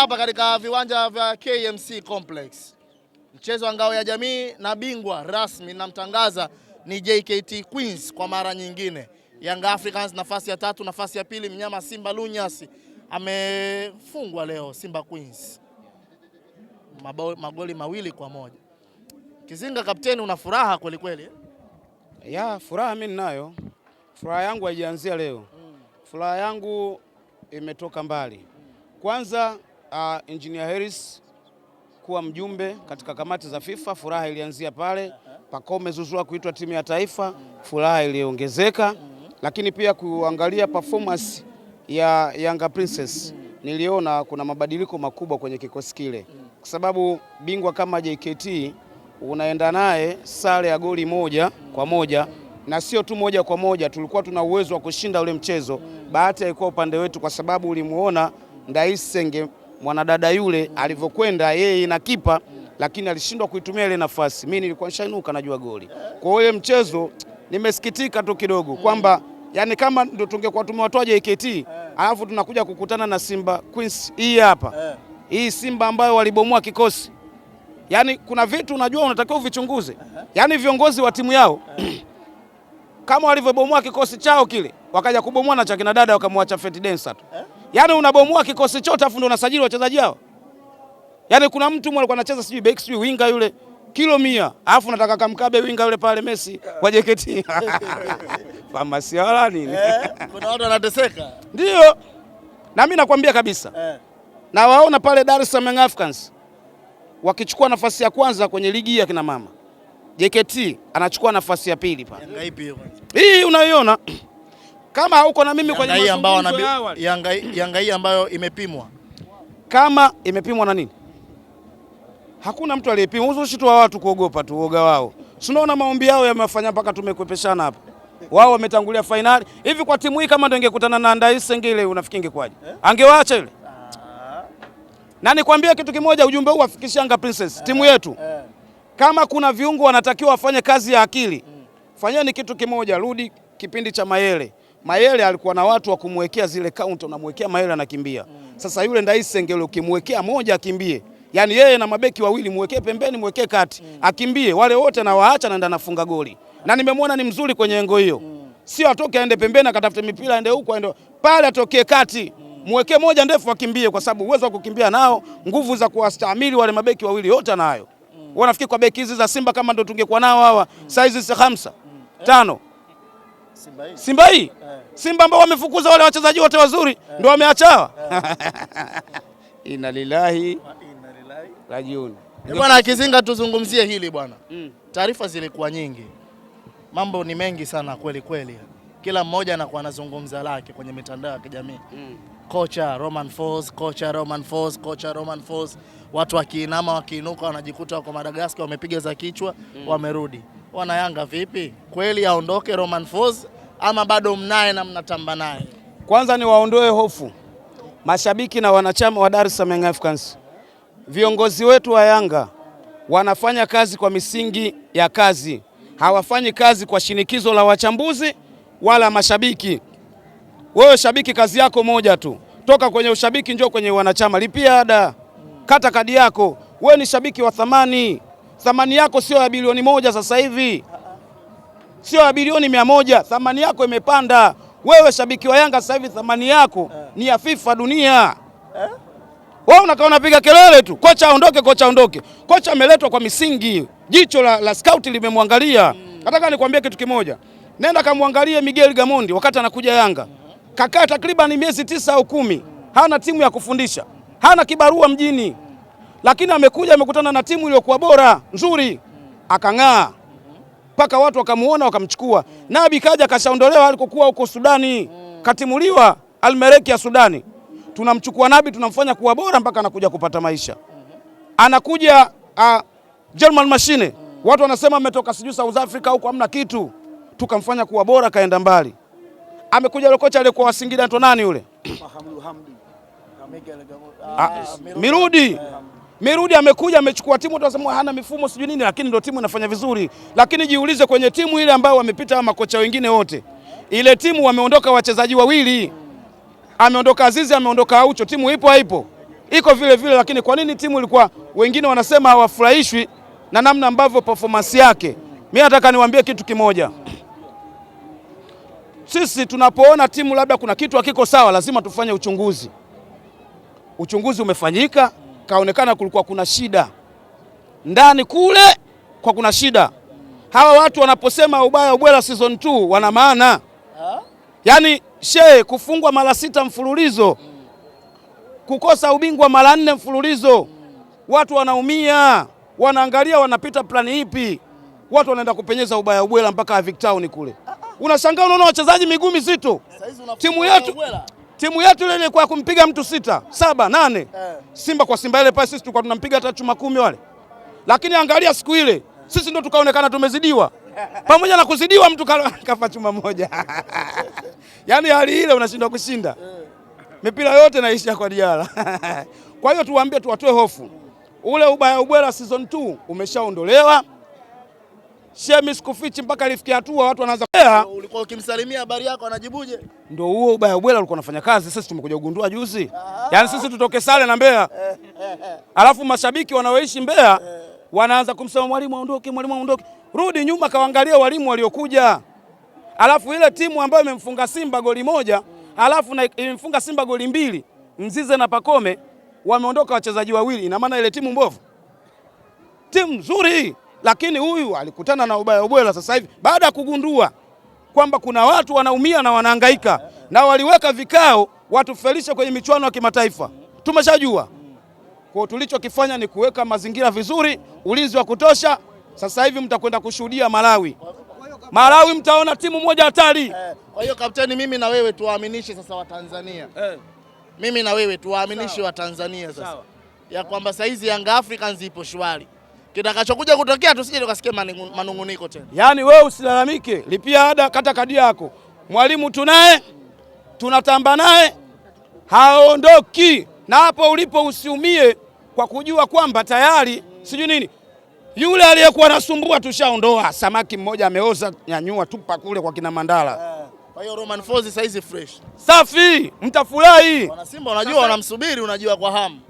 hapa katika viwanja vya KMC Complex. Mchezo wa ngao ya jamii na bingwa rasmi namtangaza ni JKT Queens kwa mara nyingine. Young Africans nafasi ya tatu, nafasi ya pili mnyama Simba Lunyasi amefungwa leo Simba Queens magoli mawili kwa moja. Kizinga kapteni, una furaha kweli kweli? Ya furaha mimi ninayo, furaha yangu haijaanzia leo mm. Furaha yangu imetoka mbali Kwanza uh, Engineer Harris kuwa mjumbe katika kamati za FIFA, furaha ilianzia pale. Pacome Zouzoua kuitwa timu ya taifa, furaha iliongezeka, lakini pia kuangalia performance ya Yanga Princess niliona kuna mabadiliko makubwa kwenye kikosi kile, kwa sababu bingwa kama JKT unaenda naye sare ya goli moja kwa moja na sio tu moja kwa moja, tulikuwa tuna uwezo wa kushinda ule mchezo. Bahati haikuwa upande wetu, kwa sababu ulimuona Ndayisenge mwanadada yule alivyokwenda yeye na kipa, lakini alishindwa kuitumia ile nafasi. Mimi nilikuwa nishainuka najua goli. Kwa hiyo ile mchezo nimesikitika tu kidogo kwamba yani kama ndio tungekuwa tumewatoa JKT alafu tunakuja kukutana na Simba Queens hii hapa, hii Simba ambayo walibomoa kikosi. Yaani kuna vitu unajua unatakiwa uvichunguze, Yaani viongozi wa timu yao kama walivyobomoa kikosi chao kile, wakaja kubomoa na cha kina dada wakamwacha Feti tu. Yaani unabomoa kikosi chote afu ndio unasajili wachezaji hao. Yaani kuna mtu alikuwa anacheza sijui back sijui winga yule kilo mia alafu nataka kamkabe winga yule pale Messi kwa jeketi. Famasia wala nini? Eh, kuna watu wanateseka. Ndio. Na mimi nakwambia kabisa. Eh. Na waona pale Dar es Salaam Africans wakichukua nafasi ya kwanza kwenye ligi ya kina mama. JKT anachukua nafasi ya pili pale. Yanga ipi hiyo? Hii unaiona kama hauko na mimi kwenye mazungumzo ya awali. Yanga, Yanga hii ambayo imepimwa kama imepimwa na nini? Hakuna mtu aliyepimwa. Uzushi tu wa watu kuogopa tu uoga wao, si unaona maombi yao yamefanya mpaka tumekwepeshana hapa wao wametangulia fainali hivi. Kwa timu hii kama ndio ingekutana na Ndaise ngile, unafikiri ingekwaje? Eh? Angewaacha ile ah. na nikwambie kitu kimoja, ujumbe huu wafikishe Yanga Princess, eh, timu yetu. eh. Kama kuna viungo wanatakiwa wafanye kazi ya akili, mm. fanyeni kitu kimoja, rudi kipindi cha Mayele Mayele alikuwa na watu wa kumwekea zile kaunti, unamwekea Mayele anakimbia. Sasa yule Ndayisi Sengeli ukimwekea moja akimbie, yaani yeye na mabeki wawili mwekee pembeni, mwekee kati, akimbie wale wote na waacha, naenda nafunga goli, na nimemwona ni mzuri kwenye engo hiyo, sio atoke aende pembeni akatafute mipira aende huko aende pale, atokee kati mwekee moja ndefu akimbie, kwa sababu uwezo wa kukimbia nao, nguvu za kuwastahimili wale mabeki wawili yote anayo. Wanafikiri kwa beki hizi za Simba kama ndio tungekuwa nao hawa saizi hamsa tano Simba hii Simba, hii. Eh. Simba ambao wamefukuza wale wachezaji wote wazuri eh. Ndio wameachawa eh. Inna lillahi rajiun. Eh, bwana Akizinga, tuzungumzie hili bwana mm. Taarifa zilikuwa nyingi, mambo ni mengi sana kweli kweli, kila mmoja anakuwa anazungumza lake kwenye mitandao ya kijamii mm. Kocha Roman Falls, kocha Roman Falls, kocha Roman Falls, watu wakiinama wakiinuka wanajikuta wako Madagascar, wamepiga za kichwa mm. wamerudi wana Yanga vipi? Kweli aondoke Roman Folz ama bado mnaye na mnatamba naye? Kwanza ni waondoe hofu mashabiki na wanachama wa Dar es Salaam Africans. Viongozi wetu wa Yanga wanafanya kazi kwa misingi ya kazi, hawafanyi kazi kwa shinikizo la wachambuzi wala mashabiki. Wewe shabiki, kazi yako moja tu, toka kwenye ushabiki njoo kwenye wanachama, lipia ada, kata kadi yako. Wewe ni shabiki wa thamani thamani yako sio ya bilioni moja sasa hivi, sio ya bilioni mia moja. Thamani yako imepanda. Wewe shabiki wa Yanga sasa hivi thamani yako ni ya FIFA dunia. Wewe unakaa unapiga kelele tu, kocha aondoke, kocha aondoke. Kocha ameletwa kwa misingi, jicho la, la skauti limemwangalia. Nataka nikwambie kitu kimoja, nenda kamwangalie Miguel Gamondi wakati anakuja Yanga, kakaa takriban miezi tisa au kumi, hana timu ya kufundisha, hana kibarua mjini lakini amekuja amekutana na timu iliyokuwa bora nzuri, akang'aa mpaka watu wakamuona wakamchukua. Nabi kaja akashaondolewa alikokuwa huko Sudani, katimuliwa Almereki ya Sudani. Tunamchukua Nabi tunamfanya kuwa bora mpaka anakuja kupata maisha, anakuja a, ah, German mashine. Watu wanasema ametoka sijui South Africa huko hamna kitu, tukamfanya kuwa bora, kaenda mbali. Amekuja lokocha kocha Wasingida, ndo nani yule? Ah, Mirudi Mirudi amekuja amechukua timu, tunasema hana mifumo sijui nini, lakini ndio timu inafanya vizuri. Lakini jiulize kwenye timu ile ambayo wamepita makocha wengine wote, ile timu wameondoka wachezaji wawili, ameondoka Azizi, ameondoka Aucho, timu ipo haipo? Iko vile vile. Lakini kwa nini timu ilikuwa, wengine wanasema hawafurahishwi na namna ambavyo performance yake. Mimi nataka niwaambie kitu kimoja, sisi tunapoona timu labda kuna kitu hakiko sawa, lazima tufanye uchunguzi. Uchunguzi umefanyika kaonekana kulikuwa kuna shida ndani kule, kwa kuna shida. Hawa watu wanaposema ubaya ubwela season 2 wana maana, yaani shee kufungwa mara sita mfululizo, kukosa ubingwa mara nne mfululizo, watu wanaumia, wanaangalia wanapita plani ipi, watu wanaenda kupenyeza ubaya ubwela mpaka Victown kule. Ah, ah. Unashangaa unaona wachezaji miguu mizito timu yetu timu yetu ile ilikuwa kumpiga mtu sita saba nane eh. Simba kwa Simba ile pale sisi tulikuwa tunampiga hata chuma kumi wale, lakini angalia siku ile sisi ndo tukaonekana tumezidiwa. Pamoja na kuzidiwa mtu kafa chuma moja yaani hali ile unashindwa kushinda eh. mipira yote naisha kwa diara kwa hiyo tuwaambie, tuwatoe hofu. Ule ubaya ubwela season 2 umeshaondolewa shemi sikufichi mpaka alifikia hatua watu wanaanza ulikuwa ukimsalimia habari yako anajibuje? Ndio huo ubaya ubwela ulikuwa unafanya kazi. Sisi tumekuja kugundua juzi, yaani sisi tutoke sale na Mbeya alafu mashabiki wanaoishi Mbeya eh. wanaanza kumsema mwalimu aondoke, mwalimu aondoke. Rudi nyuma, kawaangalia walimu waliokuja, alafu ile timu ambayo imemfunga Simba goli moja alafu na imemfunga Simba goli mbili, Mzize na Pakome wameondoka wachezaji wawili, ina maana ile timu mbovu, timu nzuri lakini huyu alikutana na ubaya ubwela sasa hivi baada ya kugundua kwamba kuna watu wanaumia na wanahangaika na waliweka vikao watufelishe kwenye michuano ya kimataifa. Tumeshajua kwa tulichokifanya ni kuweka mazingira vizuri, ulinzi wa kutosha. Sasa hivi mtakwenda kushuhudia Malawi. Malawi mtaona timu moja hatari eh, Kwa hiyo kapteni, mimi na wewe tuwaaminishe sasa Watanzania eh. Mimi na wewe tuwaaminishe Watanzania sasa ya kwamba saizi Yanga Africans ipo shwari kitakachokuja kutokea, tusije tukasikia manunguniko tena. Yaani wewe usilalamike, lipia ada, kata kadi yako. Mwalimu tunaye, tunatamba naye, haondoki. Na hapo ulipo usiumie kwa kujua kwamba tayari sijui nini yule aliyekuwa nasumbua tushaondoa. Samaki mmoja ameoza, nyanyua, tupa kule kwa kina Mandala. Eh, kwa hiyo Roman Fozi saizi fresh safi, mtafurahi. Wana Simba unajua wanamsubiri, unajua kwa hamu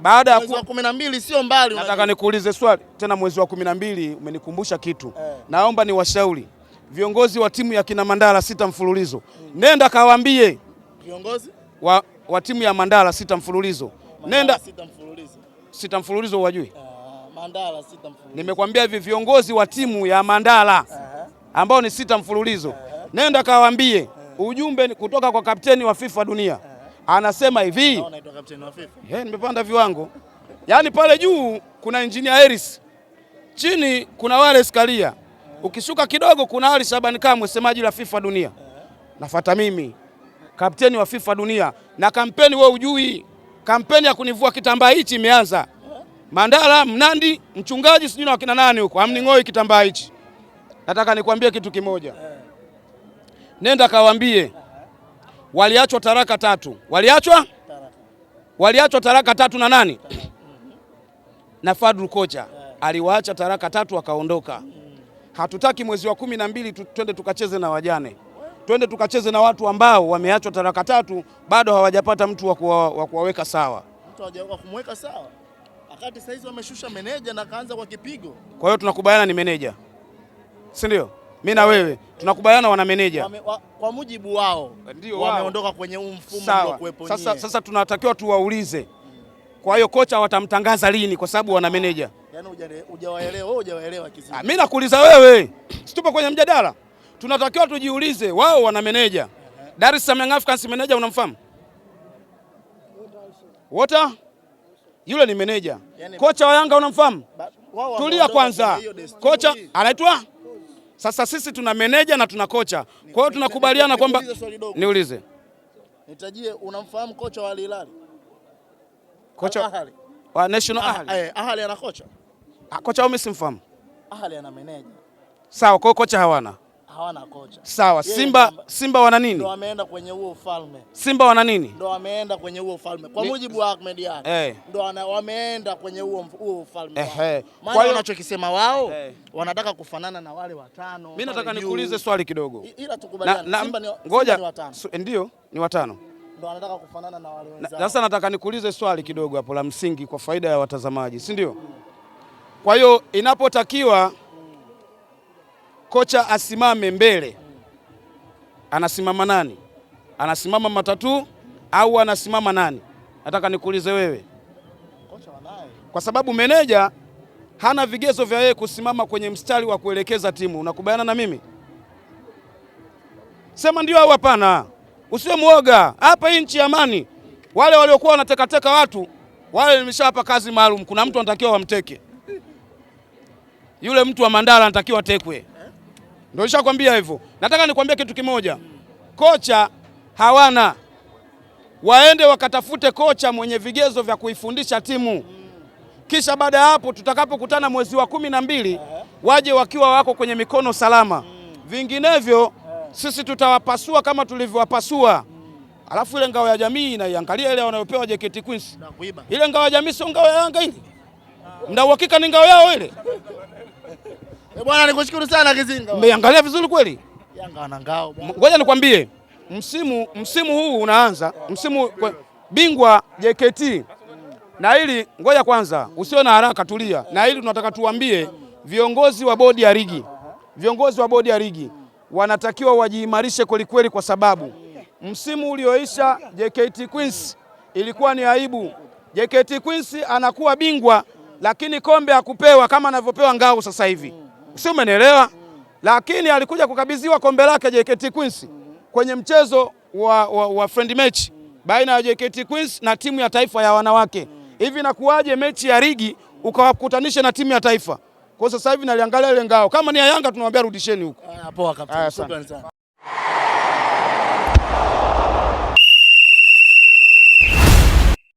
baada ya kumi na sio mbali. Nataka nikuulize swali tena, mwezi wa 12 umenikumbusha kitu eh. Naomba ni washauri viongozi wa timu ya kina Mandala sita mfululizo hmm. Nenda kawaambie viongozi wa, wa timu ya Mandala sita mfululizo Mandala nenda sita mfululizo, sita mfululizo wajui uh, ah, Mandala sita mfululizo. Nimekwambia hivi viongozi wa timu ya Mandala uh -huh. ambao ni sita mfululizo uh -huh. Nenda kawaambie uh -huh. ujumbe kutoka kwa kapteni wa FIFA dunia uh -huh anasema hivi hey, nimepanda viwango yaani pale juu kuna injinia Harris, chini kuna Wallace Karia, ukishuka kidogo kuna Ali Shaban Kamwe, semaji la FIFA dunia. Nafata mimi kapteni wa FIFA dunia na kampeni, wewe ujui kampeni ya kunivua kitambaa hichi imeanza. Mandala Mnandi mchungaji sijui na wakina nani huko amning'oi kitambaa hichi. Nataka nikwambie kitu kimoja, eh. nenda kawambie waliachwa taraka tatu, waliachwa waliachwa taraka tatu na nani? Na Fadru Kocha aliwaacha taraka tatu akaondoka. Hatutaki mwezi wa kumi na mbili twende tukacheze na wajane, twende tukacheze na watu ambao wameachwa taraka tatu, bado hawajapata mtu wa kuwaweka sawa kumweka sawa wakati saizi wameshusha meneja na kaanza kwa kipigo. Kwa hiyo tunakubaliana ni meneja, si ndio? mimi na wewe tunakubaliana, wana meneja wa, kwa mujibu wao ndio wameondoka kwenye huu mfumo uliokuwepo. Sasa, sasa tunatakiwa tuwaulize, kwa hiyo kocha watamtangaza lini? Kwa sababu wana meneja. Yaani Mimi ah, nakuuliza wewe, situpo kwenye mjadala, tunatakiwa tujiulize, wao wana meneja. Dar es Salaam Africans meneja unamfahamu Wota? Yule ni meneja. Yaani- kocha wa Yanga unamfahamu? Tulia kwanza. Kocha anaitwa sasa sisi tuna meneja na tuna kocha, kwa hiyo tunakubaliana kwamba niulize, nitajie, unamfahamu kocha wa Al Hilal? Kocha Ahali. wa National ah, Ahli, eh, Ahali ana kocha, ah, kocha wao mimi simfahamu. Ahli ana meneja, sawa. Kwa hiyo kocha hawana hawana kocha. Sawa, Simba Simba wana nini? Ndio ameenda kwenye huo ufalme. Simba wana nini? Ndio ameenda kwenye huo ufalme. Kwa mujibu wa Ahmed Yani. Eh. Ndio wameenda kwenye huo huo ufalme. Eh. Kwa hiyo unachokisema wao eh, wanataka kufanana na wale watano. Mimi nataka nikuulize swali kidogo. Ila tukubaliane. Simba ni ngoja ni watano. Eh, ndio ni watano. Ndio anataka kufanana na wale wenzao. Sasa nataka nikuulize swali kidogo hapo la msingi kwa faida ya watazamaji, si ndio? Kwa hiyo inapotakiwa kocha asimame mbele, anasimama nani? Anasimama matatu au anasimama nani? Nataka nikuulize wewe, kwa sababu meneja hana vigezo vya yeye kusimama kwenye mstari wa kuelekeza timu. Unakubaliana na mimi? Sema ndio au hapana. Usiwe mwoga hapa, hii nchi ya amani. Wale waliokuwa wanatekateka watu wale nimeshawapa kazi maalum. Kuna mtu anatakiwa wamteke, yule mtu wa Mandala anatakiwa tekwe. Ndio nishakwambia hivyo. Nataka nikwambie kitu kimoja, kocha hawana, waende wakatafute kocha mwenye vigezo vya kuifundisha timu, kisha baada ya hapo tutakapokutana mwezi wa kumi na mbili waje wakiwa wako kwenye mikono salama, vinginevyo sisi tutawapasua kama tulivyowapasua. Alafu ile ngao ya jamii inaiangalia ile wanayopewa JKT Queens, ile ngao ya jamii sio ngao ya Yanga ile, mna uhakika ni ngao yao ile? Eh, bwana nikushukuru sana Kizinga. Umeangalia vizuri kweli? Yanga wana ngao bwana. Ngoja nikwambie, msimu msimu huu unaanza, msimu kwa, bingwa JKT. Na hili ngoja kwanza, usio na haraka, tulia. Na hili tunataka tuambie viongozi wa bodi ya ligi. Viongozi wa bodi ya ligi wanatakiwa wajiimarishe kwelikweli kwa sababu msimu ulioisha JKT Queens ilikuwa ni aibu. JKT Queens anakuwa bingwa lakini kombe hakupewa kama anavyopewa ngao sasa hivi sio, umenielewa? Lakini alikuja kukabidhiwa kombe lake JKT Queens kwenye mchezo wa, wa, wa friend match baina ya JKT Queens na timu ya taifa ya wanawake. Hivi nakuaje mechi ya ligi ukawakutanisha na timu ya taifa? Kwa sasa hivi naliangalia ile ngao, kama ni ya Yanga tunamwambia rudisheni huko. Eh, Poa kabisa. Shukrani sana.